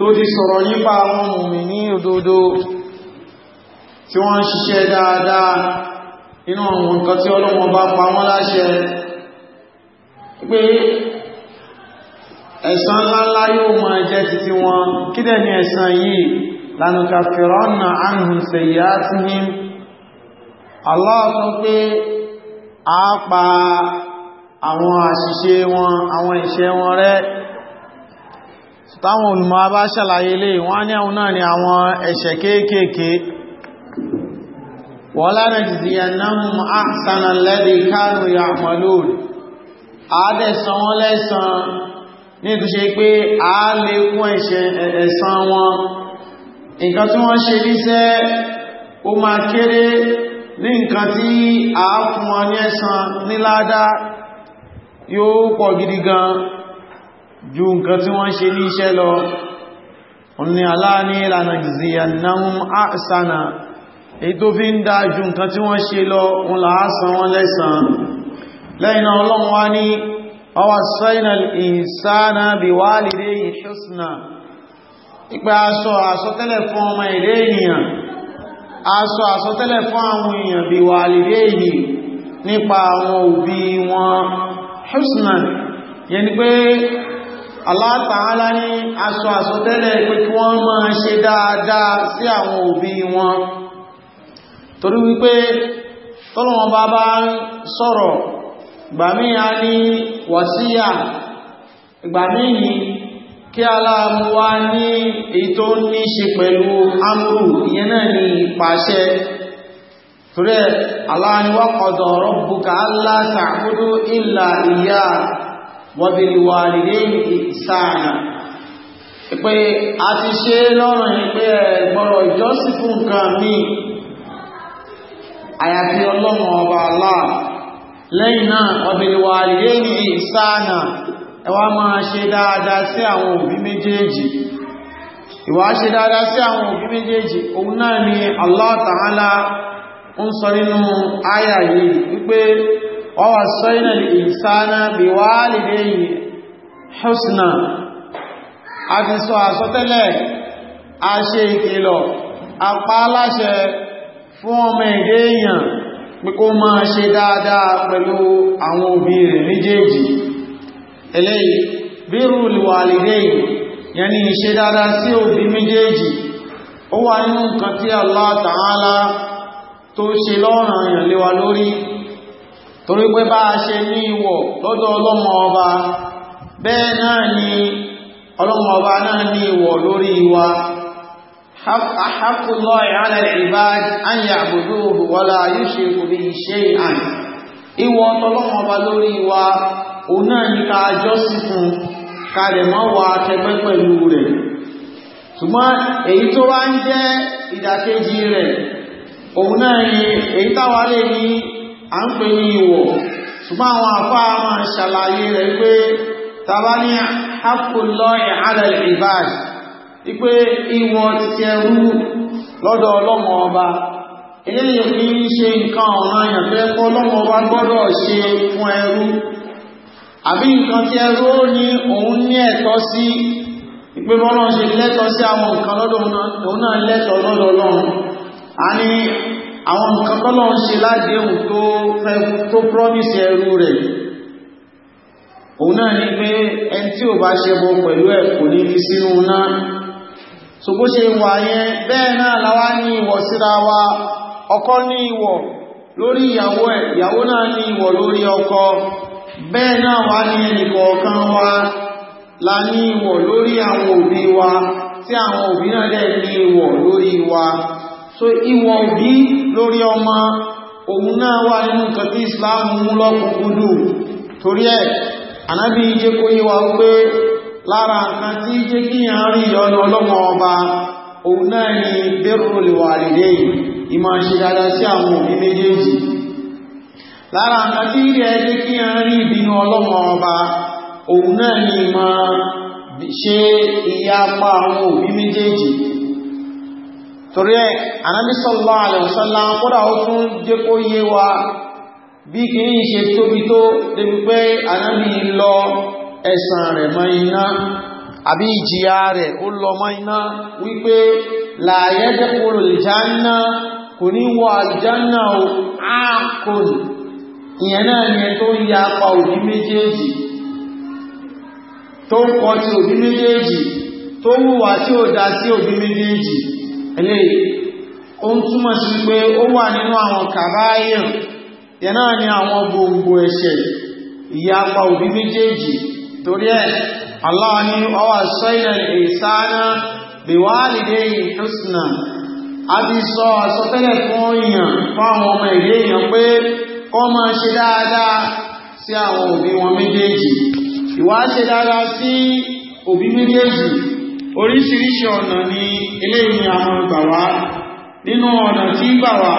tó ti sọ̀rọ̀ nípa àwọn mùmí ní òdodo tí wọ́n ń ṣiṣẹ́ dáadáa inú àwọn nǹkan tí ọlọ́wọ́ bá pa wọ́n láṣẹ pé ẹ̀san ńláńlá yóò máa jẹ́ títí wọn kí dẹ̀ ni ẹ̀san yìí lánàkà fìrọ́nà àrùn sẹ̀yà tí ní Allah sọ a pa àwọn àṣìṣe wọn àwọn ìṣẹ́ wọn rẹ́ táwọn olùmọ̀ bá ṣàlàyé lè wọ́n ní àwọn náà ni àwọn ẹ̀ṣẹ̀ kéékèèké wala najziyannahum ahsana alladhi kanu ya'malun àádẹ́sàn wọn lẹ́sàn ní ìtúnṣe pé a lè kún ẹ̀san wọn nǹkan tí wọ́n ṣe níṣẹ́ ó máa kéré ní nǹkan ju nǹkan tí wọ́n ṣe ní iṣẹ́ lọ ní aláàní ìlànà ìzìyànáhùn àṣánà èyí tó fi ń dá ju nǹkan tí wọ́n ṣe lọ ń láásán wọn lẹ́sàn lẹ́yìn náà ọlọ́run wá ní ọwà sainal insana bí wà husna ìṣọ́sìnà ipẹ́ aṣọ àsọtẹ́lẹ̀ fún ọmọ ilé ènìyàn aṣọ àsọtẹ́lẹ̀ fún àwọn èèyàn bí wà lèrè èyí nípa àwọn òbí wọn ṣọ́sìnà Allah Ta'ala ní aṣọ àsọtẹ́lẹ̀ pé kí wọ́n máa ṣe dáadáa sí àwọn òbí wọn torí wípé tọ́lọ̀wọ́n bá bá ń sọ̀rọ̀ gbàmí a ní wàsíyà gbàmí ní kí aláàmú ní èyí tó ní ṣe pẹ̀lú amúrù ìyẹn náà ní pàṣẹ torí Allah ni wa qada rabbuka alla ta'budu wọ́bìlìwàlìdéyìn ìsáànà pé a ti ṣe lọ́rọ̀ yìí pé ẹgbọ́rọ̀ ìjọsìn fún nǹkan mí ọba aláà. lẹ́yìn náà wọ́bìlìwàlìdéyìn ìsáànà ẹ máa ṣe dáadáa sí àwọn òbí méjèèjì ìwà ṣe dáadáa sí àwọn òbí méjèèjì òun náà ni ń sọ ووصينا الإنسان بوالديه حسنا àti sọ àsọtẹ́lẹ̀ a ṣe ìkìlọ̀ apáláṣẹ fún ọmọ èdè èèyàn pé kó máa ṣe dáadáa pẹ̀lú àwọn òbí rẹ̀ méjèèjì eléyìí bírù lìwàlìdéyìí yẹni ìṣe dáadáa sí òbí méjèèjì ó wà nínú nǹkan tí Allah Ta'ala tó ṣe lọ́ranyàn lé lórí torí pé bá a ṣe ní ìwọ̀ lọ́dọ̀ ọlọ́mọ ọba bẹ́ẹ̀ náà ni ọlọ́mọ ọba náà ní ìwọ̀ lórí wa ahakullah ala al-ibad an ya'buduhu wa la yushriku bihi ìwọ̀ ọlọ́mọ ọba lórí wa òun náà ní ká fún mọ́ wa pẹ̀lú rẹ̀ ṣùgbọ́n èyí à ń pè ní ìwọ̀ ṣùgbọ́n àwọn àfá máa ṣàlàyé rẹ̀ pé tàbá ní àkùnlọ́yìn alẹ́lẹ̀ ìbáyìí wípé ìwọ̀ ti ẹrú lọ́dọ̀ ọlọ́mọ ọba eléyìí fi ń ṣe nǹkan ọ̀ràn èèyàn fẹ́ kọ́ ọlọ́mọ ọba gbọ́dọ̀ ṣe fún ẹrú àbí nǹkan tí ẹrú àwọn nǹkan tọ́lọ́ ń ṣe ládéhùn tó fẹ́ tó promise ẹrú rẹ̀ òun náà ní pé ẹn tí ò bá ṣe bọ pẹ̀lú ẹ̀ kò ní ní sínú náà so bó ṣe wà yẹn bẹ́ẹ̀ náà láwá ní ìwọ̀ síra wa ọkọ ní ìwọ̀ lórí ìyàwó náà ní ìwọ̀ lórí ọkọ bẹ́ẹ̀ náà wá ní ẹnìkọ̀ọ̀kan wa la ní ìwọ̀ lórí àwọn òbí wa tí àwọn òbí náà dẹ̀ ní ìwọ̀ lórí wa so ìwọ̀ òbí lórí ọmọ òun náà wà nínú nǹkan tí Islam mú lọ́kùnkúndù torí ẹ̀ anábí jẹ́ kó yíwa pé lára nǹkan tí jẹ́ kí yàn rí ìyọnu ọlọ́mọ ọba òun náà ni birrul walidayn ìmọ̀ ṣe sí àwọn òbí méjèèjì lára nǹkan tí kí ìbínú ọlọ́mọ ọba òun torí ẹ̀ Ànábì sallallahu alaihi wasallam kódà ó tún jẹ́ kó yé wa bí kì í ṣe tóbi tó débi pé Ànábì lọ ẹ̀sàn rẹ̀ mọ́ iná àbí ìjìyà rẹ̀ ó lọ mọ́ iná wípé la yadkhulul janna kò ní wọ àjánà ò ákùn ìyẹn náà ni tó ya pa òbí méjèèjì tó kọ ti òbí méjèèjì tó wùwà tí ó dá sí òbí méjèèjì eléyìí ó ń túmọ̀ sí pé ó wà nínú àwọn kàbáyàn yẹn náà ni àwọn gbogbo ẹ̀ṣẹ̀ ìyapa òbí méjèèjì torí ẹ̀ Allah ni ọwà sọ́yìn ìsáná bèwálìdé a àsọtẹ́lẹ̀ fún èèyàn fún àwọn ọmọ ìlé èèyàn pé kọ́ máa ṣe dáadáa sí àwọn òbí wọn méjèèjì ìwà ṣe dáadáa oríṣiríṣi ọ̀nà ni eléyìí àwọn ìgbà wá nínú ọ̀nà tí gbà wá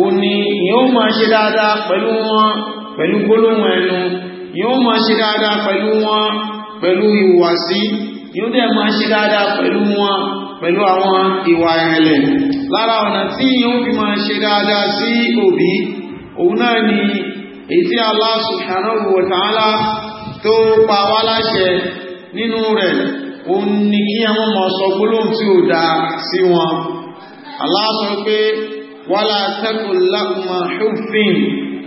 ò ní yóò máa ṣe dáadáa pẹ̀lú wọn pẹ̀lú gbólóhùn ẹnu yóò máa ṣe dáadáa pẹ̀lú wọn pẹ̀lú ìhùwàsí yóò dẹ̀ máa ṣe dáadáa pẹ̀lú wọn pẹ̀lú àwọn ìwà ìrẹ̀lẹ̀ lára ọ̀nà tí yóò fi máa ṣe dáadáa sí òbí òun náà ni èyí tí Allah subhanahu wa ta'ala tó pa wá láṣẹ nínú rẹ̀ ó ní kí àwọn mọ̀ sọ gbólóhùn tí ó dá sí wọn Allah sọ pé wala taqul lahuma huffin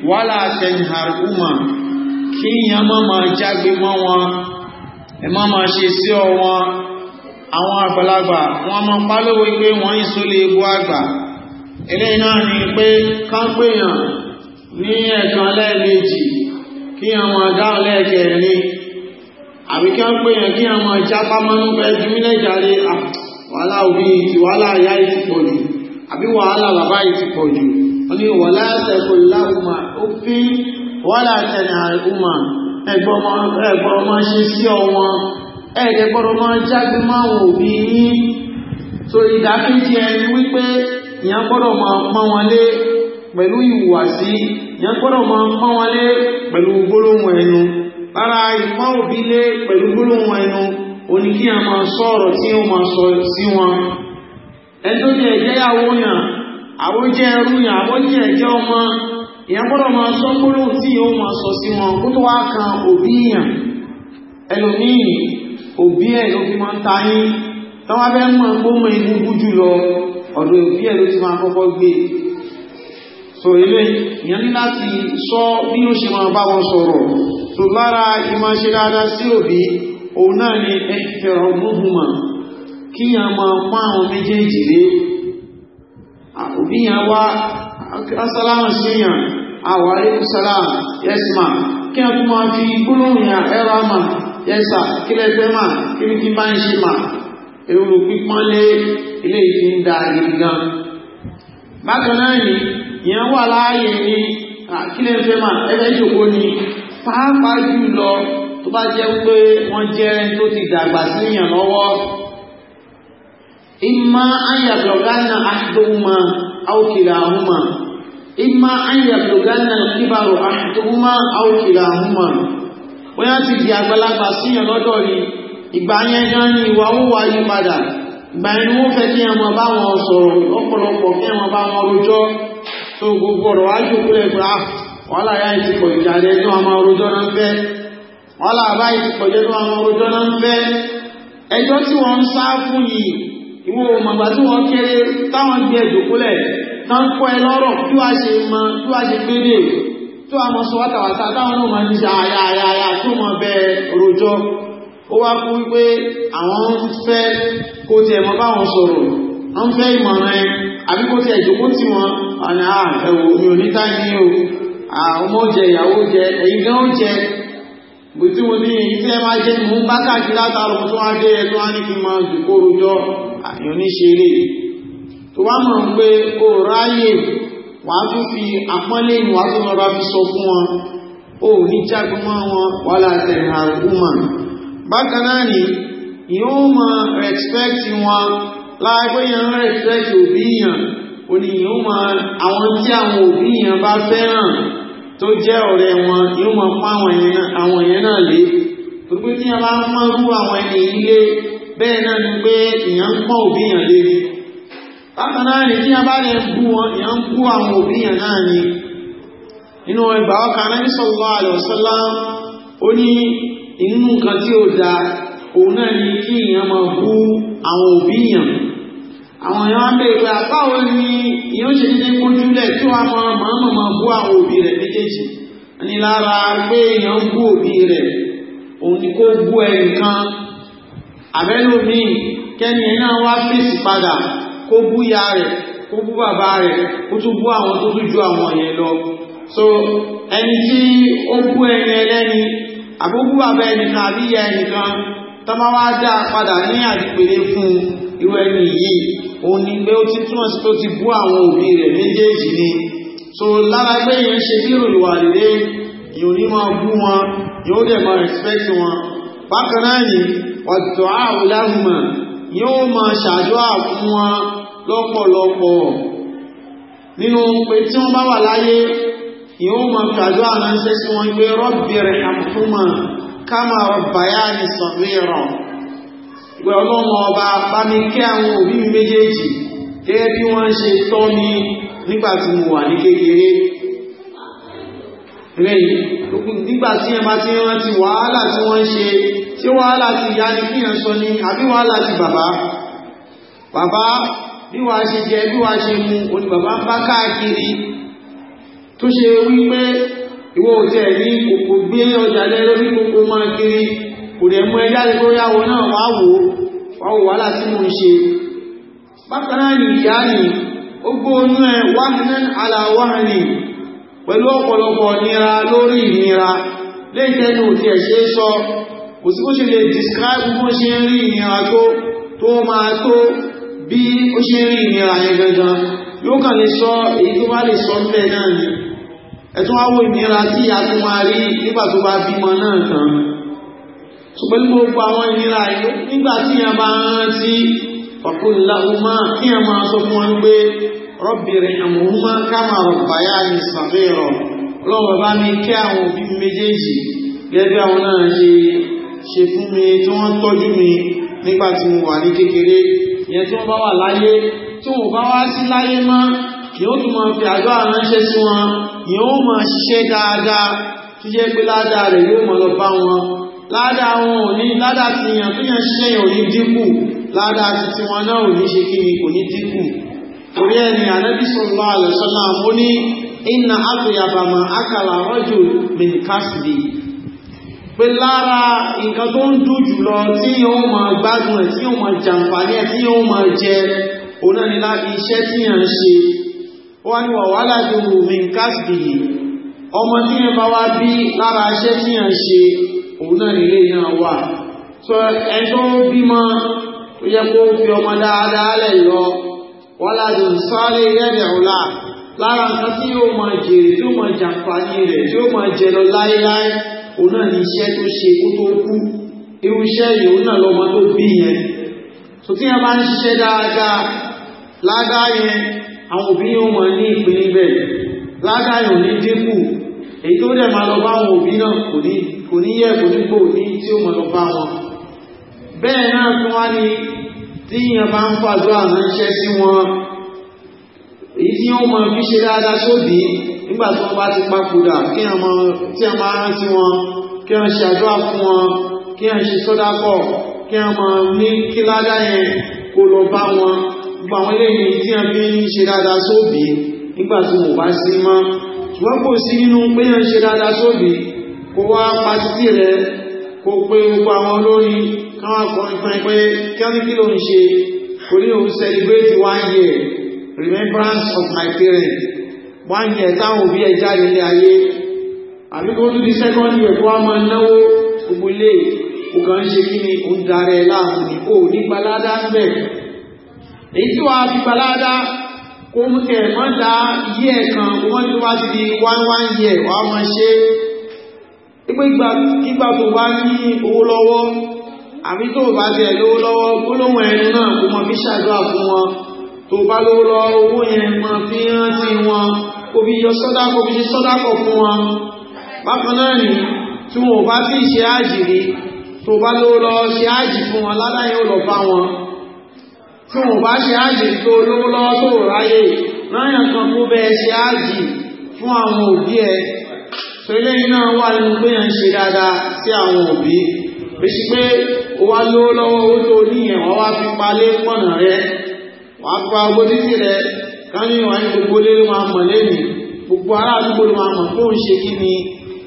wala tanharhuma kí ìyàn mọ́ máa jágbe mọ́ wọn ẹ má máa ṣe sí ọ wọn àwọn àgbàlagbà wọn mọ́ pálówó pé wọ́n ń sólé egbó àgbà eléyìí náà ni pé káńpéyàn ní ẹ̀kan lẹ́ẹ̀mejì kí àwọn àdáhùn lẹ́ẹ̀kẹ̀rin àbí kí wọ́n pè yàn kí wọ́n máa jápá mọ́nú fẹ́ ju mílẹ̀ jáde ah, wàhálà òbí ti wàhálà ìyá yìí ti pọ̀ jù àbí wàhálà bàbá yìí ti pọ̀ jù wọ́n ní wàhálà ẹ̀kọ́ ìlàkùnmá ó fi wàhálà tẹ̀lé àìkùnmá ẹ̀gbọ́n ọmọ ṣe sí ọmọ ẹ̀ẹ́dẹ̀ gbọ́dọ̀ máa jágbe máwọn òbí yín so ìdákejì ẹni wípé ìyàn gbọ́dọ̀ máa pọ́n wọn lé pẹ̀lú ìhùwàsí ìyàn gbọ́dọ̀ máa pọ́n wọn lé pẹ̀lú gbólóhùn ẹnu lára ìpá òbí lé pẹ̀lú gbólóhùn ẹnu òní kí a máa sọ ọ̀rọ̀ tí ó máa sọ sí wọn ẹni tó jẹ́ ẹ̀jẹ́ yàwó yàn àwójẹ́ ẹrú yàn àwójẹ́ ẹ̀jẹ́ ọmọ ìyẹn gbọ́dọ̀ máa sọ gbólóhùn tí ó máa sọ sí wọn kó tó wá kan òbí ẹlòmíì òbí ẹ̀ ló fi máa ń ta yín tọ́wọ́ bẹ́ mọ̀ gbómọ egungun lọ ọ̀dọ̀ òbí ẹ̀ ló ti máa kọ́kọ́ gbé so ilé ìyẹn ní láti sọ bí ó ṣe máa bá wọn sọ̀rọ̀ so lára ìmọ̀ ṣe dáadáa sí òbí òun náà ni ẹ̀fẹ̀rọ múhùnmọ̀ kí a máa pán àwọn méjèèjì lé òbí yàn wá asálàmù síyàn àwárí sálàmù yẹ́sìmà kí a tún máa fi gbólóhùn yà ẹ̀rọ àmà yẹ́sà kí lẹ́gbẹ́ mà kí ní kí bá ń ṣe mà èrò pípọ́n ilé ìfi ń da gidi bákan náà ni ìyẹn wà láàyè ní àkílẹ̀ mà ẹgbẹ́ ìṣòkó ni pàápàá jùlọ tó bá jẹ́ pé wọ́n jẹ́ tó ti dàgbà síyàn lọ́wọ́ ìmá ayàbọ̀gánà àdóhùnmá àókèrè àhúnmá ìmá ayàbọ̀gánà kíbàrò àdóhùnmá àókèrè àhúnmá bóyá ti di àgbàlagbà síyàn lọ́dọ̀ ni ìgbà yẹn gan ni ìwà wúwa yí padà ìgbà yẹn ni wọ́n fẹ́ kí ẹmọ bá wọn sọ̀rọ̀ ọ̀pọ̀lọpọ̀ kí ẹmọ bá wọn rojọ́ tó gbogbo ọ̀rọ̀ wájú kúrẹ́gbẹ́ ah, wọ́n láyá ìsìnkò ìjàlẹ̀ tó ọmọ orújọ́ náà fẹ́ wọ́n láàbá ìsìnkò jẹ́ tó ọmọ orújọ́ náà fẹ́ ẹjọ́ tí wọ́n ń sá fún yìí ìwọ̀n òmàgbà tí wọ́n kéré táwọn gbé ẹ̀dùnkúlẹ̀ tán kọ́ ẹ lọ́rọ̀ tí wàá ṣe mọ tí wàá ṣe gbédè tí wàá mọ sọ wátàwátà táwọn náà máa ń ṣe àyàyàyà tó mọ bẹ orújọ́ ó wá kú wípé àwọn fẹ́ kó tiẹ̀ mọ báwọn sọ̀rọ̀ wọ́n fẹ́ ìmọ̀ràn ẹ àbí kó tiẹ̀ jókòó tí wọ́n àná ah, ẹ̀wò mi ò ní táyé o àwọn ah, ọmọ jẹ ìyàwó jẹ èyí gan ó jẹ mo tí mo ní èyí tẹ́ máa jẹ́ mo ń bá káàkiri látàrọ tó wá dé ẹ tó wá ní kí n máa dùkó rojọ́ àyàn ah, níṣeré tó wá mọ̀ pé o ráyè wàá tún fi àpọ́nlé ìwà tó máa bá fi sọ fún wọn o ní jágun mọ́ wọn wà láti ẹ̀hà woman bákan náà ni yóò mọ respect wọn láìpẹ́ yẹn ń respect òbí yàn òní yóò mọ àwọn tí àwọn òbí yàn bá fẹ́ràn tó jẹ́ ọ̀rẹ́ wọn yóò mọ̀ pa àwọn èèyàn náà lé gbogbo tí a bá ń mọ́ rú àwọn ẹni ilé bẹ́ẹ̀ náà ni pé èèyàn ń pọ̀ òbí yàn lé bákan náà ni tí a bá lè bú wọn èèyàn ń bú àwọn òbí yàn náà ni ẹgbà ọkà náà àwọn èèyàn ń bèèrè pé àbáwo ni yóò ṣe ní kójúlẹ̀ tí wọ́n mọ mọ̀ọ́mọ̀ bú àwọn òbí rẹ̀ méjèèjì ní lára pé èèyàn ń bú òbí rẹ̀ òun ni kó bú ẹnìkan àbẹ́lòmíì kẹ́ni ẹ̀ náà wá fèsì padà kó bú ya rẹ̀ kó bú bàbá rẹ̀ kó tún bú àwọn tó tún ju àwọn yẹn lọ so ẹni tí ó bú ẹni ẹlẹ́ni àbúkú bàbá ẹnìkan àbí ya ẹnìkan tọ́mọ́ wá dá padà ní àdìpèlé fún irú ẹni yìí ó ní pé ó ti túmọ̀ sí tó ti bú àwọn òbí rẹ̀ méjèèjì ni so lára pé yẹn ṣe bírò ìwà lè yóò ní máa bú wọn yóò dẹ̀ máa respect wọn bákan ni ọ̀dọ̀ àwòláhùmọ̀ yóò máa ṣàdúrà fún wọn lọ́pọ̀lọpọ̀ nínú pé tí wọ́n bá wà láyé yóò máa ṣàdúrà ránṣẹ́ sí wọn pé rọ́bì rẹ̀ àmúhùmọ̀ ká máa rọ̀bàyá ní sọ̀rọ̀ ìwẹ̀ ọlọ́run ọba bá mi kẹ́ àwọn òbí mi méjèèjì gẹ́gẹ́ bí wọ́n ṣe tọ́ mi nígbà tí mo wà ní kékeré lẹ́yìn nígbà tí ẹn bá ti rántí wàhálà tí wọ́n ṣe tí wàhálà ti ìyá ní kíyàn sọ ní àbí wàhálà ti bàbá bàbá bí wà ṣe jẹ bí wà ṣe mu òní bàbá bá káàkiri tó ṣe wípé ìwọ òtẹ́ ní kòkò gbé ọjà lẹ́rọ bí kòkò máa kiri kò dẹ̀ mú ẹjá lè kórí àwọ náà wá wò wáwò wà láti mú ṣe bákanáà ní ìyá ni ó gbóònú ẹ wáhanan aláwáhani pẹ̀lú ọ̀pọ̀lọpọ̀ nira lórí ìnira lè tẹ́nu ti ẹ̀ṣẹ́ sọ kò sí kó ṣe lè describe bó ṣe rí ìnira tó tó máa tó bí ó ṣe rí ìnira yẹn gangan yóò ni ẹ̀tún wá wo ìnira tí a tún máa ṣùgbọ́n ní gbogbo àwọn ìnira ayé nígbà tí yẹn bá ń rántí ọ̀pọ̀lọpọ̀ kí yẹn máa sọ fún wọn pé rọ́bìnrin àmúhúmá káàmà rọ̀bàyà ní sàfihàn lọ́wọ́ bá ní kí àwọn òbí méjèèjì gẹ́gẹ́ àwọn náà ṣe ṣe fún mi tí wọ́n tọ́jú mi nígbà tí mo wà ní kékeré ìyẹn tí wọ́n bá wà láyé tí wọ́n bá wá sí láyé mọ́ kí ó tún máa fi àjọ àránṣẹ́ sí wọn ìyẹn ó máa ṣiṣẹ́ dáadáa tó jẹ́ pé ládàá rẹ̀ yóò máa lọ bá wọn ládá wọn ò ní ládá ti yàn tó yàn ṣiṣẹ́ yàn ò ní dínkù ládá ti ti wọn náà ò ní ṣe kí ni kò ní dínkù torí ẹ̀ ni ànábì sallallahu ní inna atyaba ma akala rajul min kasbi pé lára nǹkan tó ń dùn jùlọ tí yóò máa gbádùn ẹ̀ tí yóò máa jàǹfààní ẹ̀ tí yóò máa jẹ òun náà ni láti iṣẹ́ tí yàn ń ṣe wá ní wàhálà tó wù min ọmọ tí yẹn bá wá bí lára iṣẹ́ tí yàn ń ṣe òun náà nílé náà wà sọ ẹjọ́ ń bímọ tó yẹ kó fi ọmọ dáadáa lẹ̀ lọ wọ́n láti sáré yẹ́dẹ̀ ọ̀la lára nǹkan tí yóò máa jèrè tí yóò máa jàǹfààní rẹ̀ tí yóò máa jẹ lọ láéláé òun náà ní iṣẹ́ tó ṣe kó tó kú irú iṣẹ́ yìí òun náà lọ́mọ tó bí yẹn tó tí yẹn bá ń ṣiṣẹ́ dáadáa ládàá yẹn àwọn òbí yóò máa ní ìpín níbẹ̀ ládàá yẹn ò ní dínkù èyí tó dẹ̀ máa lọ bá àwọn òbí náà kò ní kò ní yẹ kò ní gbò ní tí ó mọ̀nà bá wọn bẹ́ẹ̀ náà tún wá ní tí yẹn bá ń pàdó àránṣẹ́ sí wọn èyí tí wọ́n mọ̀ fi ṣe dáadáa sódì nígbà tí wọ́n bá ti papòdà kí wọ́n tí wọ́n máa rántí wọn kí wọ́n ṣe àdúrà fún wọn kí wọ́n ṣe sọ́dá pọ̀ kí wọ́n mọ̀ ní kí ládá yẹn kó lọ bá wọn gbogbo àwọn eléyìí tí wọ́n fi ń ṣe dáadáa sódì nígbà tí wọ́n bá sí mọ́ ṣùgbọ́n kò sí nínú pé wọ́n ṣe dáadáa sódì kó wá pàṣítì rẹ̀ kó pé gbogbo àwọn olórin káwọn kọrin fún ẹgbẹ́ kẹ́líkì ló ń ṣe kò ní òun celebrate one year remembrance of my parents one year táwọn òbí ẹ̀ jáde ní ayé àbí kó tún di second year kó wá máa náwó gbogbo ilé ògá ń ṣe kí ni ó ń darẹ̀ láàrin ní kò ní gbalada ń bẹ̀ èyí tí wàá fi gbalada kó mú kẹ̀ mọ́ da yí kan wọ́n ti wá ti di one one year wàá máa ṣe é pípé kígbà tó bá ní owó lọ́wọ́ àbí tó bá jẹ lówó lọ́wọ́ gbólóhùn ẹni náà kó mọ fi ṣàdúrà fún wọn tó bá lówó lọ owó yẹn mọ fi rántí wọn kó fi yọ sọ́dákọ̀ fi ṣe sọ́dákọ̀ fún wọn bákan náà ni tí wọn ò bá sì ṣe àjìrí tó bá lówó lọ ṣe àjì fún wọn láláyé ò lọ bá wọn tí wọn bá ṣe àjì tó lówó lọ tó ráyè náà yàn kan kó bẹ́ẹ̀ ṣe àjì fún àwọn òbí ẹ̀ so eléyìí náà wà nínú pé yẹn ń ṣe dáadáa sí àwọn òbí bí sí pé ó wá lówó lọ́wọ́ owó tó níyẹn wọ́n wá fi palé pọ̀nà rẹ wàá pa owó títì rẹ káwọn ìwà lé ni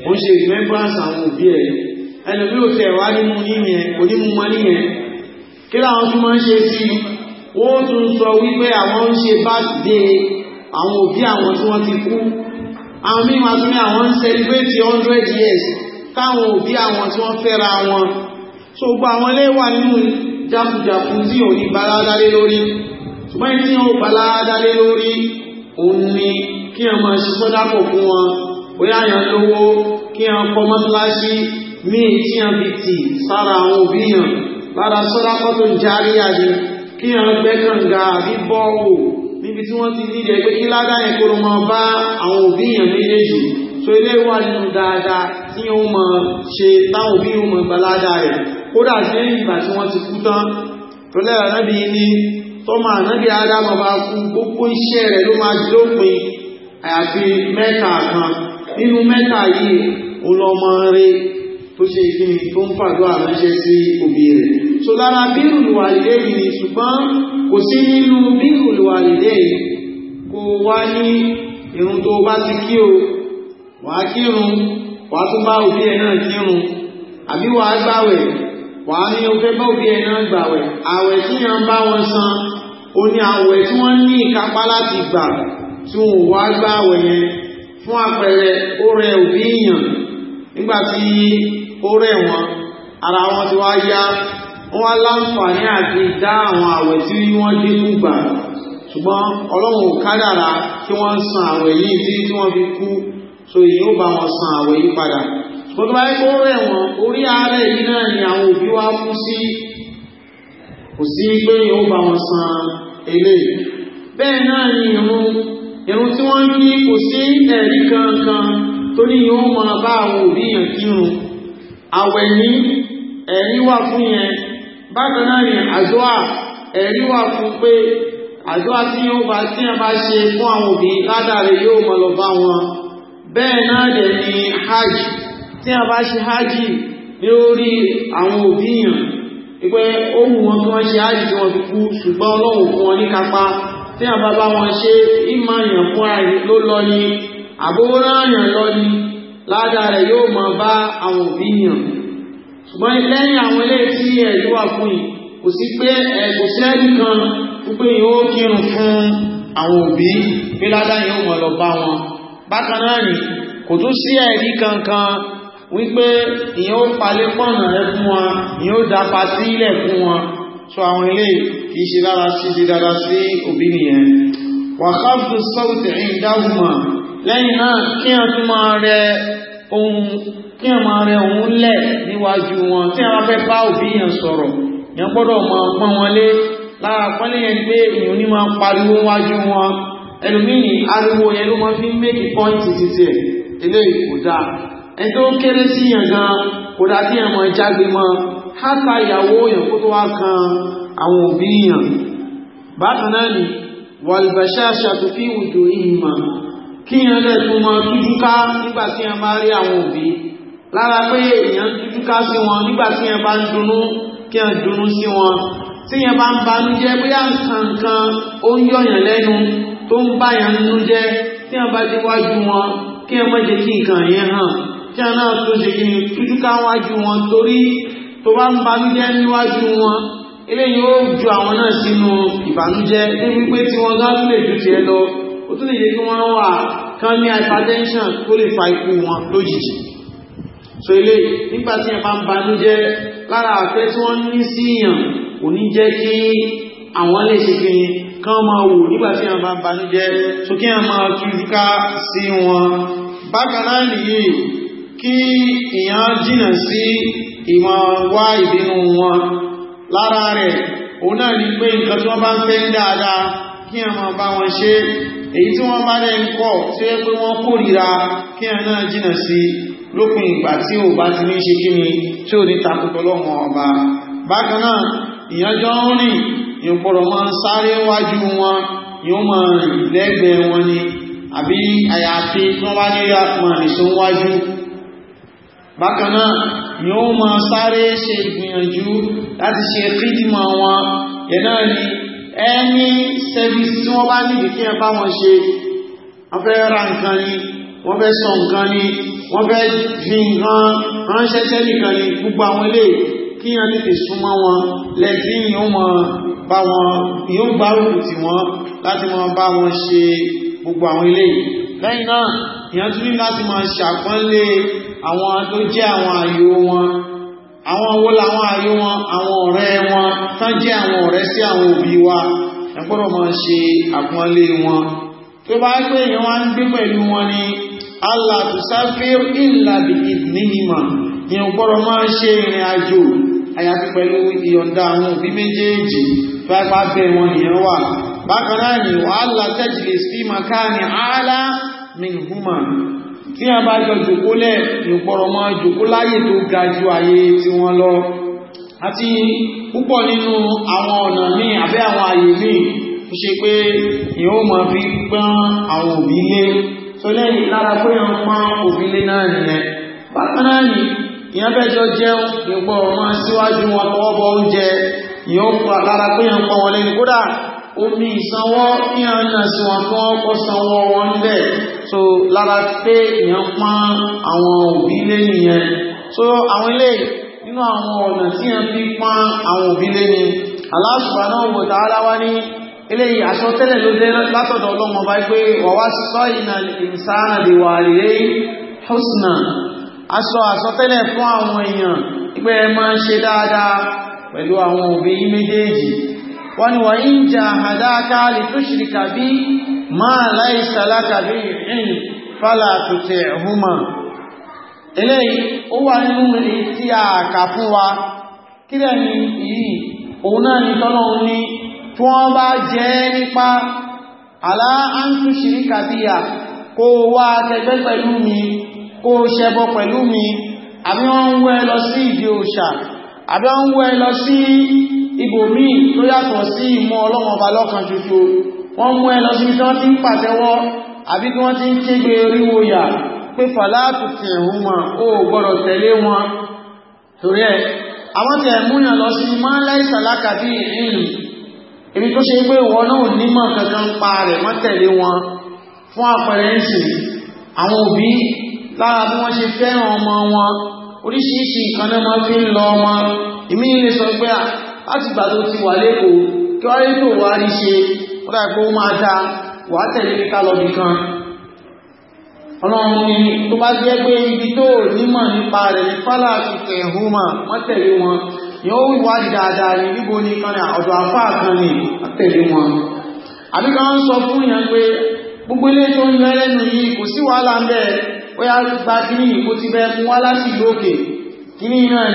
òun ṣe remembrance àwọn òbí ẹ̀ ẹnu bí ó tẹ̀ wá nímú níyẹn onímú mọ́ níyẹn kí láwọn tún máa ń ṣe sí wọ́n tún sọ wípé àwọn ń ṣe bá dé àwọn òbí àwọn tí àwọn míì máa tún ní àwọn ń celebrate 100 years káwọn òbí àwọn tí wọ́n fẹ́ra wọn so gbogbo àwọn ilé wà nínú jákujàku tí ò ní baládálé lórí ṣùgbọ́n tí ó baládálé lórí òun ni kí wọ́n máa ṣe sọ́dápọ̀ fún wọn bóyá yàn lówó kí wọ́n kọ́ mọ́sálásí míì tí wọ́n fi tì sára àwọn òbí yàn lára sọ́dápọ̀ tó járí àjẹ kí wọ́n gbẹ́kànga àbí bọ́ọ̀wò níbi tí wọ́n ti nílẹ̀ pé kí ládá yẹn kó ló máa bá àwọn òbí yẹn méjèèjì so ilé wà nínú dáadáa tí ó mọ̀ ṣe táwọn òbí yóò mọ̀ gba ládá rẹ̀ kódà sí lẹ́yìn ìgbà tí wọ́n ti kú tán tó lẹ́ra ní tọ́mà nábi ádámà bá kú gbogbo iṣẹ́ rẹ̀ ló máa dópin àyàfi mẹ́ta kan nínú mẹ́ta yìí ó lọ́mọ rẹ̀ tó ṣe kí ni tó ń fàdó àránṣẹ́ sí òbí rẹ̀ so lára bírù lùwàlìdé yìí ni ṣùgbọ́n kò sí nínú bírù lùwàlìdé kò wá ní irun tó bá ti kí o wàá kírun wàá tún bá òbí ẹ̀ náà kírun àbí wàá gbàwẹ̀ wàá ní o fẹ́ bá òbí ẹ̀ náà gbàwẹ̀ àwẹ̀ tí yàn bá wọn san ó ní àwẹ̀ tí wọ́n ní ìkápá láti gbà tí wọn wá gbàwẹ̀ yẹn fún àpẹẹrẹ ó rẹ òbí yàn nígbàtí ó rẹ̀ wọn ara wọn ti wá yá wọ́n láǹfààní àti dá àwọn àwẹ̀ tí wọ́n dé gbùgbà ṣùgbọ́n ọlọ́run kádàrá kí wọ́n san àwẹ̀ yìí tí wọ́n fi kú so èyí ó bá wọn san àwẹ̀ yìí padà ṣùgbọ́n tó bá yẹ kó rẹ̀ wọn orí ààrẹ yìí náà ni àwọn òbí wa mú sí kò sí pé èyí tí wọ́n ń kí kò sí ẹ̀rí kankan tó ní yóò máa bá àwọn òbí yàn kírun àwẹ̀ ní ẹ̀rí wà fún yẹn bákan náà ni àdúà ẹ̀rí wà fún pé àdúà tí ó bá tí a bá ṣe fún àwọn obìnrin ládàrẹ yóò mọ̀ lọ bá wọn bẹ́ẹ̀ náà dẹ̀ ni hajj tí a bá ṣe hajj lórí àwọn òbí yàn wípé ó wọn kí wọ́n ṣe hajj tí wọ́n fi kú ṣùgbọ́n ọlọ́run fún wọn ní kápá tí a bá bá wọn ṣe ìmọ̀ yàn fún àìrí ló lọ ni àbówó náà yàn lọ ni ládàá rẹ̀ yóò máa bá àwọn òbí yàn ṣùgbọ́n lẹ́yìn àwọn ilé tí ẹ̀rí wà fún yìí kò sí pé ẹ̀kò sẹ́ẹ̀dì kan wípé yìí ó kírun fún àwọn òbí pé ládàá yóò máa lọ bá wọn bákan náà ni kò tún sí ẹ̀rí kankan wípé ìyẹn ó palé pọ̀nà rẹ fún wọn ìyẹn ó dapa sílẹ̀ fún wọn so àwọn ilé kì ṣe dára sí dára sí òbí nìyẹn wàhálà tó sọ́ọ̀tì ẹ̀yìn dáhùn mọ́ lẹ́yìn náà kí a tún máa rẹ ohun kí a máa rẹ ohun lẹ̀ níwájú wọn tí a fẹ́ bá òbí yẹn sọ̀rọ̀ yẹn gbọ́dọ̀ máa pọ́n wọn lé lára pọ́nlé yẹn pé èèyàn ní máa pariwo wájú wọn ẹlòmíì ariwo yẹn ló máa fi ń méjì pọ́ǹtì títì eléyìí kò dáa ẹni tó kéré sí yẹn gan kò dáa tí yẹn máa mọ́ hátà ìyàwó yẹn kó tó wá kan àwọn òbí yẹn bákan náà ni wàlùbàṣà ṣàtúfí ìwùdó ìhìmọ̀ kí yẹn lẹ́tún mọ tújúká nígbà tí yẹn máa rí àwọn òbí lára pé èèyàn tújúká sí wọn nígbà tí yẹn bá ń dunnú kí yẹn dunnú sí wọn tí yẹn bá ń banújẹ́ bóyá nǹkan kan ó ń yọ̀yàn lẹ́nu tó ń bá yẹn nínú jẹ́ tí yẹn bá dé wájú wọn kí yẹn má jẹ́ kí nǹkan yẹn hàn tí yẹn náà tó ṣe kí tújúká wájú wọn torí tó bá ń banújẹ́ níwájú wọn eléyìí ó ju àwọn náà sínú ìbànújẹ́ débi pé tí wọ́n gán lè ju tiẹ̀ lọ tún lè yẹ kí wọ́n wà kán ní hypertension kó lè fa ikú wọn lójijì so ilé nígbà tí ẹ̀fà ń banújẹ́ lára àfẹ́ tí wọ́n ní sí èèyàn kò ní jẹ́ kí àwọn lè ṣe kí kán máa wò nígbà tí ẹ̀fà ń banújẹ́ so kí wọ́n máa túká sí wọn bákan náà nìyí kí èèyàn jìnà sí ìmọ̀ wá ìbínú wọn lára rẹ̀ òun náà ní pé nǹkan tí wọ́n bá ń fẹ́ ń dáadáa kí a máa bá wọn ṣe èyí tí wọ́n bá rẹ̀ ń kọ́ tí ó pé wọ́n kórìíra kí a náà jìnà sí lópin ìgbà tí ò bá ti ní ṣe kí ni tí ò ní takùtọ̀ ni àbí àyàfi tí wọ́n bá ní máa rìn sún wájú bákan náà yóò máa sáré ṣe ìgbìyànjú láti ṣe fídímọ̀ wọn yẹn ni ẹni sẹ́bíìsì tí wọ́n bá nídìí kí ẹ bá wọn ṣe wọ́n fẹ́ ra nǹkan ni wọ́n fẹ́ sọ nǹkan ni wọ́n fẹ́ fi nǹkan ránṣẹ́ sẹ́nìkan ni gbogbo àwọn ilé kí wọ́n tètè súnmọ́ wọn lẹ́tí yóò mọ bá wọn yóò gbárùkù tì wọ́n láti mọ bá wọn ṣe gbogbo àwọn ilé yìí lẹ́yìn náà àwọn owó làwọn ayé wọn àwọn ọ̀rẹ́ wọn tán jẹ́ àwọn ọ̀rẹ́ sí àwọn òbí wa ẹ gbọ́dọ̀ máa ṣe àpọ́nlé wọn tó bá pé èèyàn wá ń gbé pẹ̀lú wọn ni allah tó sáfíìr ìlàbí ìdínímà ni ó gbọ́dọ̀ máa ṣe ìrìn àjò àyàfi pẹ̀lú ìyọ̀ǹda àwọn òbí méjèèjì fẹ́fà bẹ́ wọn nìyẹn wà bákan náà ni wàhálà tẹ́jìlì sí makani àálá min huma tí a bá jọ jòkó lẹ̀ ìpọ̀rọ̀ mọ́ jòkó láyé tó ga ju ayé tí wọ́n lọ àti púpọ̀ nínú àwọn ọ̀nà ní àbẹ́ àwọn ayé ní tó ṣe pé ìhó mọ̀ fi pán àwọn òbí lé tó lẹ́yìn lára pé wọ́n pán òbí lé náà nìyẹn ni ìyẹn bẹ́ẹ̀ jọ jẹun ìpọ̀rọ̀ so lára pé èèyàn pọ́n àwọn òbí lé nìyẹn so àwọn ilé nínú àwọn ọ̀nà tí èèyàn fi pọ́n àwọn òbí lé ni Allah subhanahu wa ta'ala wá ní eléyìí aṣọ tẹ́lẹ̀ ló dé látọ̀dọ̀ ọlọ́mọ bá pé wàwá sọ ìnà insana bi husna aṣọ aṣọ tẹ́lẹ̀ fún àwọn èèyàn pé ẹ máa ń ṣe dáadáa pẹ̀lú àwọn òbí méjèèjì wọ́n ni máa láìsà lákàbí ìrìn fálà tùtẹ̀ ẹ̀húnmọ̀ eléyìí ó wà nínú rí tí a kà fún wa kí rẹ̀ ní yìí òun náà ni tọ́nà òun ni tí wọ́n bá jẹ́ nípa aláhántú ṣìríkà bí i à kó wá tẹgbẹ́ pẹ̀lú mi kó ṣẹbọ pẹ̀lú mi àbí wọ́n ń wẹ́ lọ sí ìdí òṣà àbí wọ́n ń wẹ́ lọ sí ibòmí tó yàtọ̀ sí ìmọ̀ ọlọ́mọba lọ́kan tuntun wọ́n mú ẹ lọ sí tí wọ́n ti ń pàtẹ́wọ́ àbí tí wọ́n ti ń kégbé oríwó yà pé fàlátù ti ẹ̀hún wọn ó gbọ́dọ̀ tẹ̀lé wọn torí ẹ̀ àwọn ti ẹ̀múyàn lọ sí máa láìsà lákàtí ìrìn ibi tó ṣe pé ìwọ náà nímọ̀ kankan pa rẹ̀ mọ́ tẹ̀lé wọn fún àpẹẹrẹ ń sì àwọn ọ̀dá ẹ̀kọ́ máa dá wà tẹ̀lé ní kálọ̀ nìkan ọlọ́run ni tó bá jẹ́ pé ibi tó nímọ̀ nípa rẹ̀ ní fálà ti tẹ̀húnmà wọ́n tẹ̀lé wọn yóò wá dáadáa ní níbo ní kan ọ̀dọ̀ àfáà kan ní tẹ̀lé wọn àbí kan ń sọ fún ìyàn pé gbogbo ilé tó ń lọ ẹlẹ́nu yìí kò sí wàhálà ń bẹ́ẹ̀ ó yá gba kíní ìkó ti bẹ́ẹ̀ fún wá láti lókè kíní náà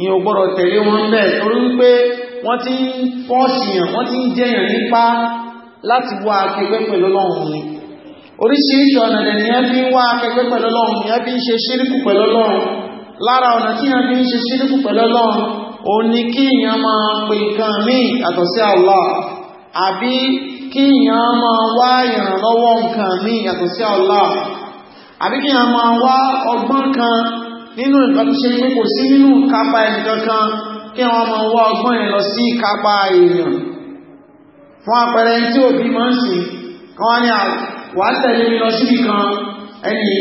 ìyẹn ò gbọ́dọ̀ tẹ̀lé wọn bẹ́ẹ̀ torí wípé wọ́n ti ń fọ́ọ̀ṣìyàn wọ́n ti ń jẹyàn nípa láti wá akẹgbẹ́ pẹ̀lú ọlọ́run ni oríṣiríṣi ọ̀nà ènìyàn fi ń wá akẹgbẹ́ pẹ̀lú ọlọ́run ìyẹn fi ń ṣe ṣíríkù pẹ̀lú ọlọ́run lára ọ̀nà tí ìyẹn fi ń ṣe ṣíríkù pẹ̀lú ọlọ́run ó ní kí pe nǹkan míì yàtọ̀ sí Allah àbí kí ìyẹn wa wá ìrànlọ́wọ́ nǹkan míì yàtọ̀ sí Allah àbí kí ìyẹn máa wá ọgbọ́n kan nínú nǹkan tó ṣe pé kò sí nínú kápá ẹnìkankan kí wọ́n mọ̀ wá ọgbọ́n ẹ̀ lọ sí kápá èèyàn fún àpẹẹrẹ tí òbí mọ́ sí kan wá ní wà tẹ̀lé mi lọ síbì kan ẹni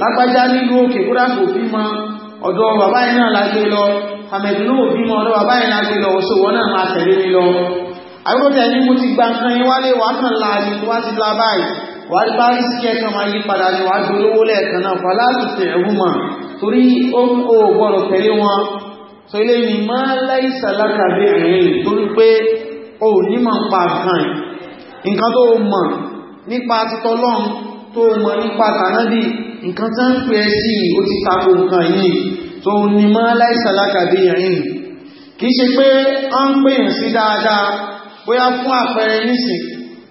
lágbájá nílùú òkè kúrà kò bí mọ́ ọ̀dọ̀ bàbá yìí náà lágbé lọ àmẹ̀dùnú òbí mọ́ ọ̀dọ̀ bàbá yìí lágbé lọ oṣù wọn náà máa tẹ̀lé mi lọ àgbẹ̀tẹ̀ ni mo ti gba nǹkan yín wálé wà kàn láàrin wá ti la báyìí wà á bá rí sí ẹ̀kan máa yí padà ni wà á dolówó lẹ́ẹ̀kan náà fọlá tètè ẹ̀hún mọ́ torí ohun o gbọ́rọ̀ tẹ̀lé wọn tó ilé ni máa láìsà lákàbí ìrìn torí pé o ní ma ń pa kan nǹkan tó mọ̀ nípa títọ́lọ́n tó mọ̀ nípa tànádì nǹkan tó ń pè sí ó ti tako nǹkan yìí tó ní máa láìsà lákàbí ìrìn kì í ṣe pé a ń pè yàn sí dáadáa bóyá fún àpẹẹrẹ nísìn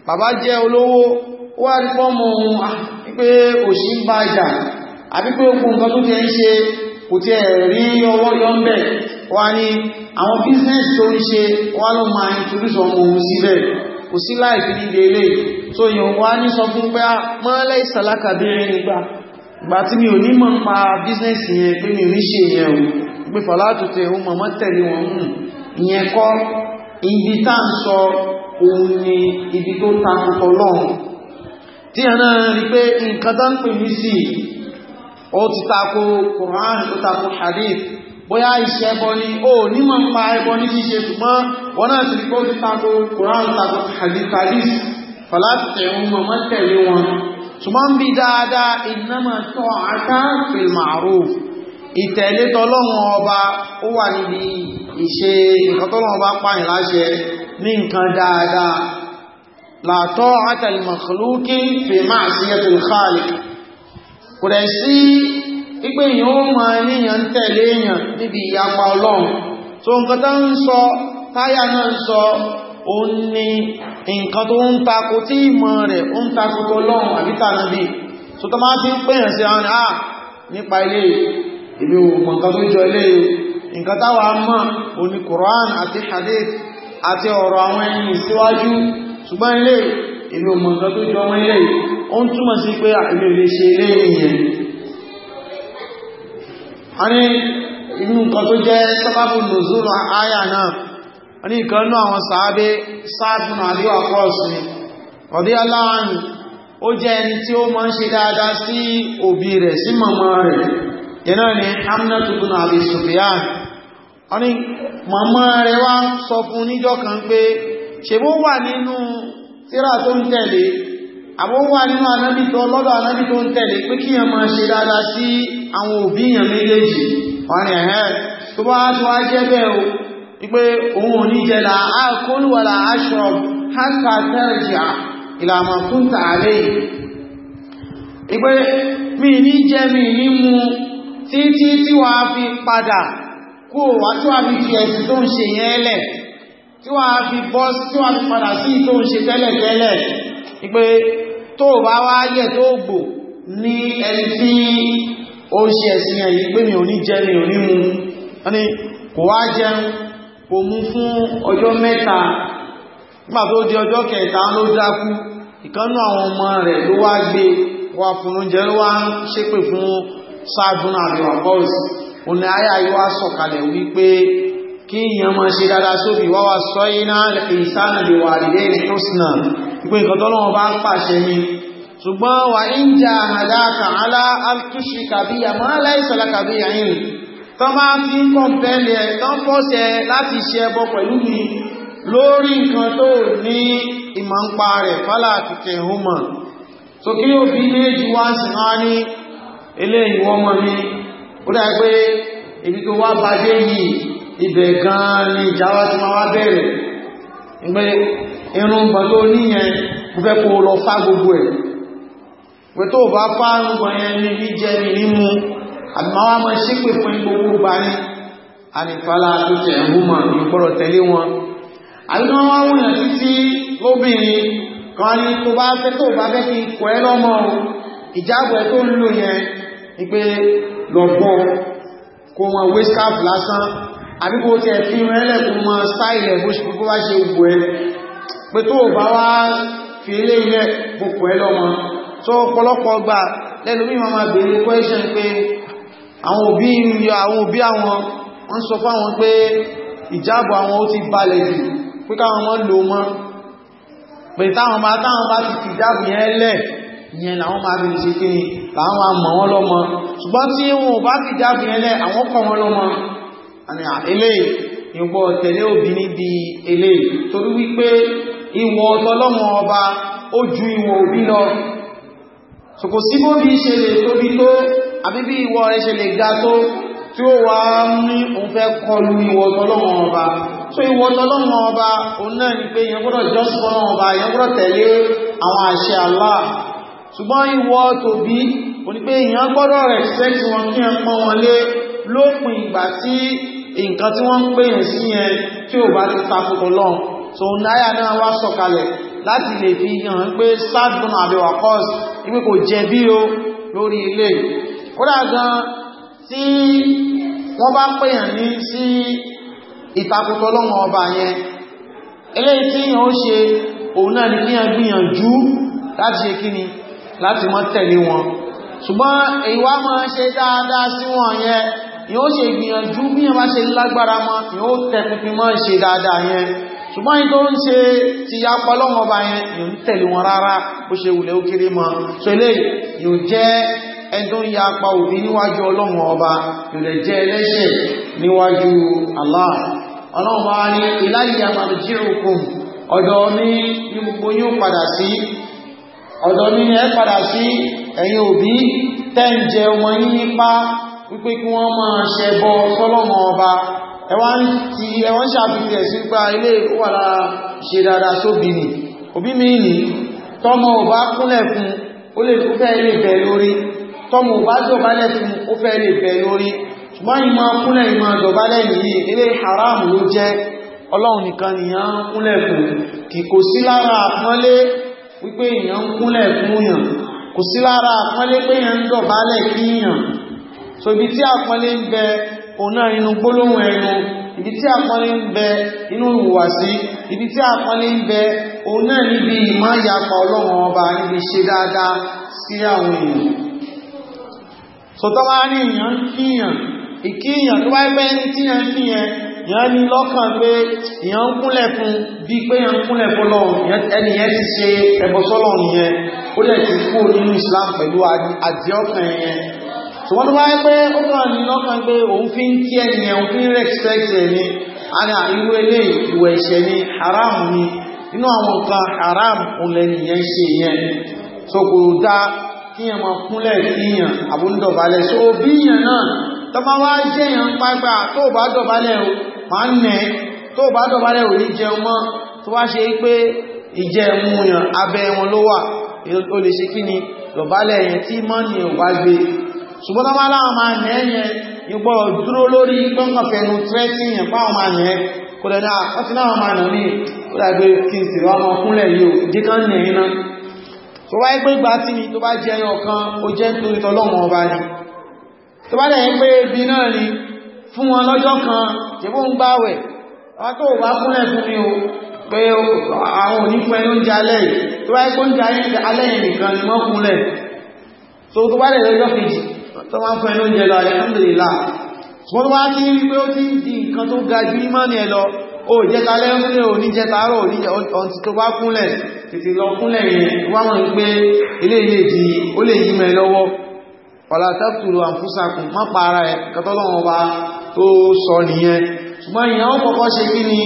bàbá jẹ́ olówó ó wá rí fọ́mọ̀ ohun pé ah, òṣì ń bá jà àbí pé ogun nǹkan tó ti ń ṣe kò tí ẹ̀ rí ọwọ́ yọ ń ní àwọn business tó ń ṣe wá ló máa introduce ọmọ òun síbẹ̀ kò sí láìfi ní ilé tó yàn wá ní sọ fún pé ah, mọ́lẹ̀ ìsàlákàbẹ̀rẹ̀ nígbà ìgbà tí mi ò ní mọ̀ pa business yẹn pé mi rí ṣe yẹn o pé fọ́lá tó tẹ ni ibi tó ta kọ̀ọ̀lọ́run tí ẹ̀ náà rí pé nǹkan tá ó ti tako Qur'an ó tako hadith bóyá iṣẹ́ ẹbọ ni ó nímọ̀ ń pa ẹbọ ní ṣíṣe ṣùgbọ́n wọ́n náà ti kó ti tako Qur'an tako hadith hadith fàláti tẹ̀wọ́n mọ̀ mọ́ tẹ̀lé wọn ṣùgbọ́n bí dáadáa innama ta'ata fil ma'ruf ìtẹ̀lé tọ́lọ́wọ́n ọba ó wà níbi ìṣe kò rẹ̀ sí ipé èyàn ó mọ níyàn ń tẹ̀lé èyàn níbi ìyapa ọlọ́run so nǹkan tó ń sọ táyà náà ń sọ ó ní nǹkan tó ń takò tí ìmọ̀ rẹ̀ ó ń takò tó lọ́run àbíta náà bí so tó máa ti ń pè yàn sí àwọn ah, à ah, nípa ilé ìlú ògbọ̀n nǹkan tó jọ ilé nǹkan táwà mọ̀ òní Qur'an àti hadith àti ọ̀rọ̀ àwọn ẹni síwájú ṣùgbọ́n ilé ìlú ògbọ̀n nǹkan tó jọ wọn ilé ó ń sí pé àìlè ah, lè ṣe yẹn a je ó jẹ́ ẹni tí ó máa ń ṣe dáadáa sí òbí rẹ̀ sí mọ̀mọ́ rẹ̀ yẹnà ni amnatubun àbí sùfíàn a ní mọ̀mọ́ rẹ̀ wá sọ fún níjọ́ kan pé ṣe bó wà nínú tíra tó ń àwọn wà nínú anábì tó lọ́dọ̀ anábì tó ń tẹ̀lé pé kí yẹn máa ṣe dáadáa sí àwọn òbí yẹn méjèèjì wọ́n ni ẹ̀hẹ́ tó bá tó wá jẹ́ bẹ́ẹ̀ o wípé òun ò ní jẹ la ashram wala ashrab hatta tarji'a ila ma kunta alayhi ìpé mi ní jẹ mi ní mu títí tí wà fi padà kó wà tí wà fi fi ẹ̀sìn tó ń ṣe yẹn lẹ̀ tí wà fi bọ́ tí wà fi padà sí tó ń ṣe tẹ́lẹ̀tẹ́lẹ̀ ipé tó bá wá yẹ tó gbò ní ẹni tí ó ṣe ẹ̀sìn ẹ̀yí pé mi ò ní jẹ mi ò ní mu ẹni kò wá jẹun kò mu fún ọjọ́ mẹ́ta nígbà tó di ọjọ́ kẹta ló dákú ìkánú àwọn ọmọ rẹ̀ ló wá gbé wá fún oúnjẹ ló wá ń ṣépè fún sáàdùn àdùràbọ́ọ̀sì òní ayá yóò wá sọ̀kalẹ̀ wípé kí èèyàn máa ṣe dáadáa sóbì wá wá sọ iná ìsánà lè wà lè ní husna ìpé nǹkan tọ́lọ́wọ́ bá ń pàṣẹ ní ṣùgbọ́n wà ń jà àdáka aláàtúṣì kàbíyà máa láìsọ̀lá kàbíyà yìí tọ́ máa fi ń kọ́ pẹ́lẹ̀ tọ́ pọ́sẹ̀ láti ṣe ẹbọ pẹ̀lú mi lórí nǹkan tó ní ìmọ̀ ń pa rẹ̀ fálàkìkẹ̀ húnmọ̀ so kí ó fi méjì wá sí máa ní ilé ìwọ́n mọ́ ní ó pé irun gbọ̀n tó níyẹn púpẹ́ kó lọ fá gbogbo ẹ̀ pé tó bá fá gbọ̀n yẹn ní jíjẹ ní mímú àbímáwá mọ́ sí pé fún gbogbo bá ní ànífàlà tó tẹ̀ ń húmọ̀ ní gbọ́dọ̀ tẹ̀lé wọn àbímáwá wọ́n ìjábọ̀ tó ń lò yẹn ni pé kó wọn wé lásán àbíkò tí ẹ fi rẹ́lẹ̀ kún mọ́ sáìlẹ̀ bó ṣe kó bá ṣe gbò ẹ pé tó bá wá fi ilé ilẹ̀ púpọ̀ ẹ lọ́mọ tó ọ̀pọ̀lọpọ̀ gbà lẹ́nu mí máa bèèrè question pé àwọn òbí yọ àwọn òbí àwọn wọ́n sọ fáwọn pé ìjábọ̀ àwọn ó ni làwọn máa mọ̀ wọ́n lọ́mọ ṣùgbọ́n tí wọn ò bá ti ìjábọ̀ yẹn lẹ̀ àwọn kọ̀ eléyìí ìwọ tẹ̀lé òbí níbi eléyìí torí wípé ìwọ ọ̀tọ́lọ́mọ ọba ó ju ìwọ òbí lọ ṣòkò sí bó bí ṣe lè tóbi tó àbí bí ìwọ rẹ̀ ṣe lè ga tó tí ó wà ní òun fẹ́ kọlu ìwọ ọ̀tọ́lọ́mọ ọba so ìwọ ọ̀tọ́lọ́mọ ọba òun náà ni pé ìyẹn gbọ́dọ̀ jọ́sí fọ́lọ́mọ ọba ìyẹn gbọ́dọ̀ tẹ̀lé Allah ṣùgbọ́n ìwọ tòbí òní pé ìyẹn gbọ́dọ̀ rẹ̀ sẹ́kì wọn kí ẹ pọ́n lópin ìgbà tí nǹkan tí wọ́n ń pè yàn sí yẹn tí ò bá ti takùtù lọ́n so náyà náà wá sọ̀kalẹ̀ láti lè fi hàn pé sadbun àbẹ̀wà cos ipé kò jẹ bí o lórí ilé kódà gan tí wọ́n bá pè yàn ní sí ìtakùtù ọlọ́wọ́n ọba yẹn eléyìí tí yàn ó ṣe òun náà ni kí yàn gbìyànjú láti ṣe kíni láti mọ́ tẹ̀lé wọn ṣùgbọ́n èyí wá máa ṣe dáadáa sí wọn yẹn yóò ṣe gbìyànjú bí ẹ bá ṣe lágbára mọ́ yóò tẹpinpin mọ́ ṣe dáadáa yẹn ṣùgbọ́n yìí tó ń ṣe ti ya pọ́lọ́mọ́ bá yẹn yóò ń tẹ̀lé wọn rárá bó ṣe wùlẹ̀ ó kéré mọ́ so ilé yóò jẹ́ ẹni tó ń ya apá òbí níwájú ọlọ́run ọba wípé kí wọ́n máa ṣẹbọ ọba ẹwọ́n ti ẹwọ́n ṣàfihàn ẹ̀sìn gba ilé wà lára ṣe dáadáa sóbi nì òbí mi nì tọ́mọ ọba kúnlẹ̀ ó lè fẹ́ lè bẹ̀ lórí tọ́mọ ọba ó fẹ́ lè bẹ̀ lórí ṣùgbọ́n ìmọ̀ kúnlẹ̀ ìmọ̀ so ibi tí àpọ́nlé ń bẹ ọ̀nà inú gbólóhùn ẹnu ibi tí àpọ́nlé ń bẹ inú ìhùwàsí ibi tí àpọ́nlé ń bẹ ọ̀nà níbi ìmọ̀ ìyapa ọlọ́run ọba níbi ṣe dáadáa sí àwọn èèyàn so tọ́wá ní ìyàn kíyàn ìkíyàn tó wáyé pé ní tíyàn kíyàn ìyàn ní lọ́kàn pé ìyàn kúnlẹ̀ fún bí pé ìyàn kúnlẹ̀ fún lọ́run ẹniyàn ti ṣe ẹbọ sọ́lọ́run yẹn ó dẹ̀ ti kú nínú Islam pẹ̀lú àdíọ́kàn yẹn so wọ́n tó wáyé pé ó kàn ní lọ́kàn pé òun fi ń kí ẹni ẹ̀ òun fi ń respect ẹ̀ ni ara irú ilé ìwẹ̀ ẹ̀ṣẹ̀ ni haram ni inú àwọn nǹkan haram òlẹ́ni yẹn ṣe yẹn so kò dá kíyàn máa kúnlẹ̀ kíyàn àbúndọ̀bálẹ̀ so bíyàn náà tó máa wá jẹ́yàn pápá tó bá dọ̀bálẹ̀ máa ń nẹ́ tó bá dọ̀bálẹ̀ ò ní jẹun mọ́ tó wá ṣe pé ìjẹ́ múyàn abẹ́ wọn ló wà ó lè ṣe kí ni dọ̀bálẹ̀ yẹn tí mọ́ni ò bá gbé ṣùgbọ́n tó máa láwọn máa nẹ́ yẹn ipò dúró lórí gbọ́ngàn fẹnu tírẹ́tì yẹn pa àwọn máa nẹ́ kò lẹ́ dáa wọ́n ti láwọn máa nà mí ó dàgbé kí n sì wá ọmọ kúnlẹ̀ yìí ó jẹ́ kán nẹ̀ iná tó wáyé pé gbà tí ni tó bá jẹ ẹyọ kan ó jẹ́ ni tó bá dẹ̀ pé ebi náà tó wá fún ẹlú ìjẹlọ alhamdulillah wọ́n wá kí rí pé ó ti ń di nǹkan tó ga jù mímọ́ ní ẹlọ ó jẹta lẹ́rúnlẹ̀ ò ní jẹta rọ̀ ò ní ọ̀tí tó bá kúnlẹ̀ tètè lọ kúnlẹ̀ yẹn wá mọ̀ pé ilé ilé di ó lè yí mẹ́ lọ́wọ́ ọ̀là tẹ́kùtùrù àfúsàkùn má pa ara ẹ̀ kọtọ́lọ́wọ́n bá tó sọ nìyẹn ṣùgbọ́n ìyẹn ó kọ́kọ́ ṣe kí ni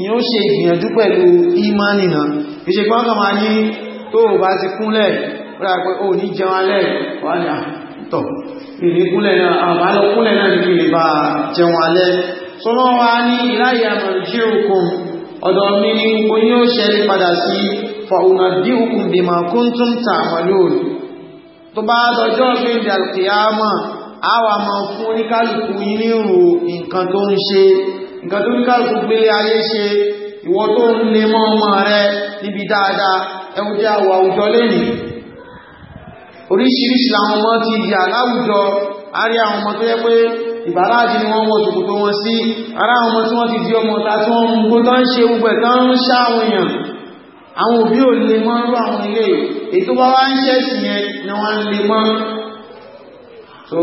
ìyẹn ó ṣe ìgbìyànjú pẹ̀lú ìmánì náà ìṣègbọ́n kan máa ní jẹun alẹ́ wà ní àná tọ̀ ìrìnkúnlẹ̀ náà àwọn alọ́kúnlẹ̀ náà níbi lè bá jẹun alẹ́ sọ́nà wa ní ìláyà mọ̀jíòkun ọ̀dọ̀ mi ni o ní ó ṣẹ́rí padà sí fa'unadíhùkùn bí ma kún tún ta àmàlóòrì tó bá dọjọ́ gbíndì alkiyama a wà ma lè mọ́ oríṣiríṣi àwọn ọmọ ti yà láwùjọ arí àwọn ọmọ tó yẹ pé ìbáláàjì ni wọ́n wọ́n ṣòkòtò wọn sí ará àwọn ọmọ tí wọ́n ti di ọmọ ta tí wọ́n mú tán ṣe gbogbo ẹ̀ tán ń ṣá àwọn èèyàn àwọn òbí ò lè mọ́ rú àwọn ilé ètò bá wá ń ṣẹ̀sì yẹn ni wọ́n lè mọ́ so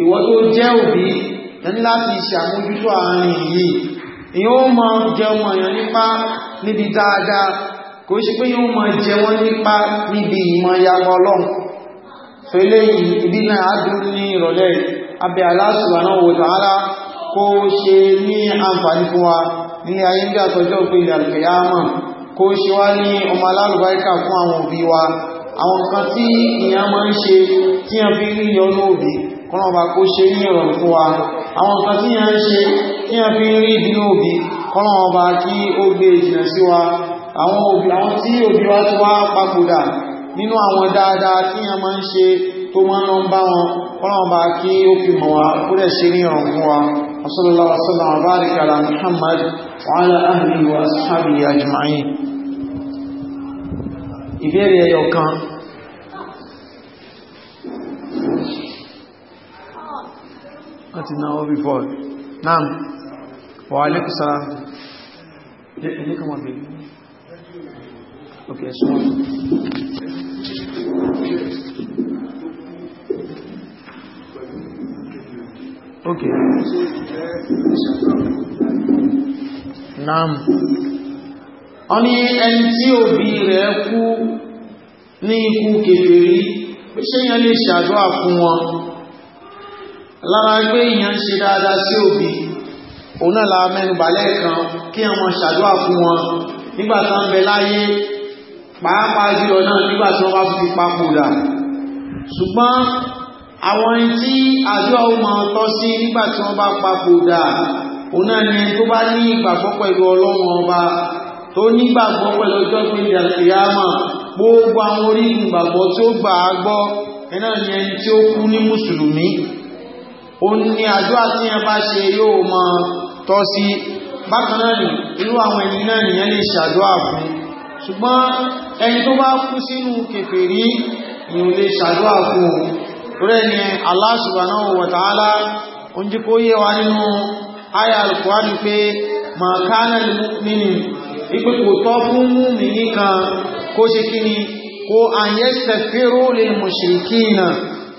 ìwọ tó jẹ́ òbí ẹni láti ṣàmójútó àárín yìí ìyẹn ó mọ jẹ ọmọ èèyàn nípa níbi dáadáa kò ṣe pé yóò mọ jẹ wọn nípa níbi ìmọ̀ ìyàwó ọlọ́run so eléyìí ibi náà adúrú ní ìrọ̀lẹ́ abẹ́ Allah subhanahu wa ta'ala kó ṣe ní àǹfààní fún wa nílé ayé ń dàtọjọ́ pé ilẹ̀ alkiyama kó ṣe wá ní ọmọ alálùbáríkà fún àwọn òbí wa àwọn kan tí ìyàn máa ń ṣe tí a fi rí ìyọnú òbí kọ́nàbà kó ṣe ní ìrọ̀rùn fún wa àwọn kan tí a ń ṣe tí a fi rí ìdínú òbí kọ́nàbà kí ó gbé ìjìnà sí wa àwọn òbí wa ti wá papòdà nínú àwọn dáadáa tí a máa ń ṣe tó máa lọ ń bá wọn ọlọ́run bá kí ó fi mọ̀ wá kó dẹ̀ ṣe ní ọ̀rùn fún wa ala Muhammad wa ala ahlihi wa ashabihi ajma'in ìbéèrè ẹyọ kan láti náwó before náà wà alékùsára ilé kan wà bèèrè ok naam wọ́n ní ẹni tí òbí rẹ̀ kú ní ikú kèfèrí pé ṣe yẹn lè ṣàdúrà fún wọn lára pé èyàn ṣe dáadáa sí òbí òun náà la mẹ́nubà lẹ́ẹ̀kan kí wọ́n ṣàdúrà fún wọn nígbàtán bẹ láyé pàápàá jùlọ náà nígbà tí wọ́n bá fi papòdà ṣùgbọ́n àwọn ẹni tí àjọ ọmọ ọ̀tọ́ sí nígbà tí wọ́n bá papòdà òun náà ni tó bá ní ìgbàgbọ́ pẹ̀lú ọlọ́run ọba tó nígbàgbọ́ pẹ̀lú ọjọ́ pé ìdàkìyàmà gbogbo àwọn orí ìgbàgbọ́ tí ó gbà á gbọ́ ẹ̀nà ni ẹni tí ó kú ní mùsùlùmí ó ní àjọ àti ẹ bá ṣe yóò mọ tọ́ sí bákan náà irú àwọn ẹni náà nìyẹn lè ṣàdúrà fún ṣùgbọ́n ẹni tó bá kú sínú kèfèrí ìyìn lè ṣàdúwà fún rẹ̀ ni Allah subhanahu wa ta'ala ó jí kó yé wa nínú àyà alùkùránì pé ma kana lil ipé kò tọ́ fún mùmìnì kan kó ṣe kí ni kó an yastaghfiru lil mushrikina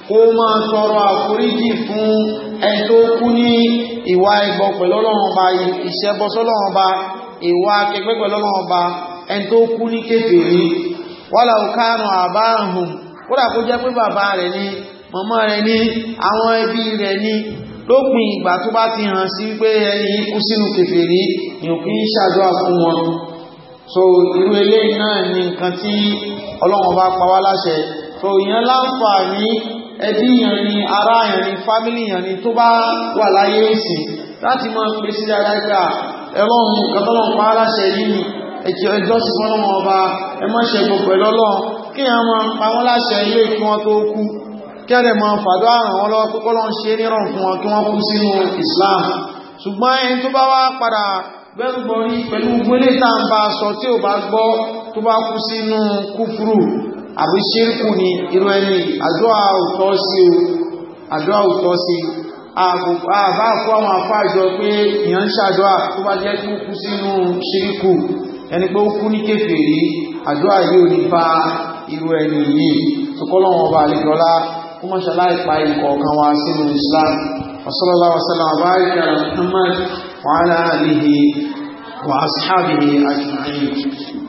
kó máa tọrọ àforíjì fún ẹni tó kú ní ìwà ẹbọ pẹ̀lú Ọlọ́run Ọba ìṣẹbọ sí Ọlọ́run ẹn tó kú ní kéfèrí wọ́lá òkánù àbáhùn kódà kó jẹ́ pé bàbá rẹ̀ ni mọ̀mọ́ rẹ̀ ni àwọn ẹbí rẹ̀ ni lópin ìgbà tó bá ti hàn sí pé ẹni kú sínú kéfèrí ni òkú ń ṣàdúrà fún wọn so irú eléyìí náà ni nǹkan tí Ọlọ́run bá pa wá láṣẹ so ìyẹn láǹfààní ẹbí yẹn ni ará yẹn ni fámílì yẹn ni tó bá wà láyé ìsìn láti máa pèsè dáadáa ẹlọ́run kàtọ́lọ́run pa á yìí ẹ̀kì ọjọ́ sí wọ́n mọ̀ ọba ẹmọ́ṣẹ́gun pẹ̀lú ọlọ́run kí a máa pa wọ́n láṣẹ ilé kí wọ́n tó kú kẹ́rẹ̀ máa fàdó àrùn wọn lọ kókó lọ ṣe níràn fún wọn kí wọ́n kú sínú Islam ṣùgbọ́n ẹni tó bá wá padà gbẹ́rùgbọ́rí pẹ̀lú gbélé tá ń bá sọ tí ò bá gbọ́ tó bá kú sínú kúfúrù àbí ṣírkù ni irú ẹni àdúrà òtọ́ sí àdúrà òtọ́ sí àbá fún àwọn àfáàjọ pé ìyàn ń ṣàdúrà tó bá jẹ́ kú sínú ṣírkù ẹni pé ó kú ní kéfèrí àdúrà yóò ní bá irú ẹni yìí tó kọ́lọ́wọ́n ọba àlejọ́lá kó mọ́ ṣaláì pa ìkọ̀ọ̀kan wa sínú Islam wasallallahu wasallam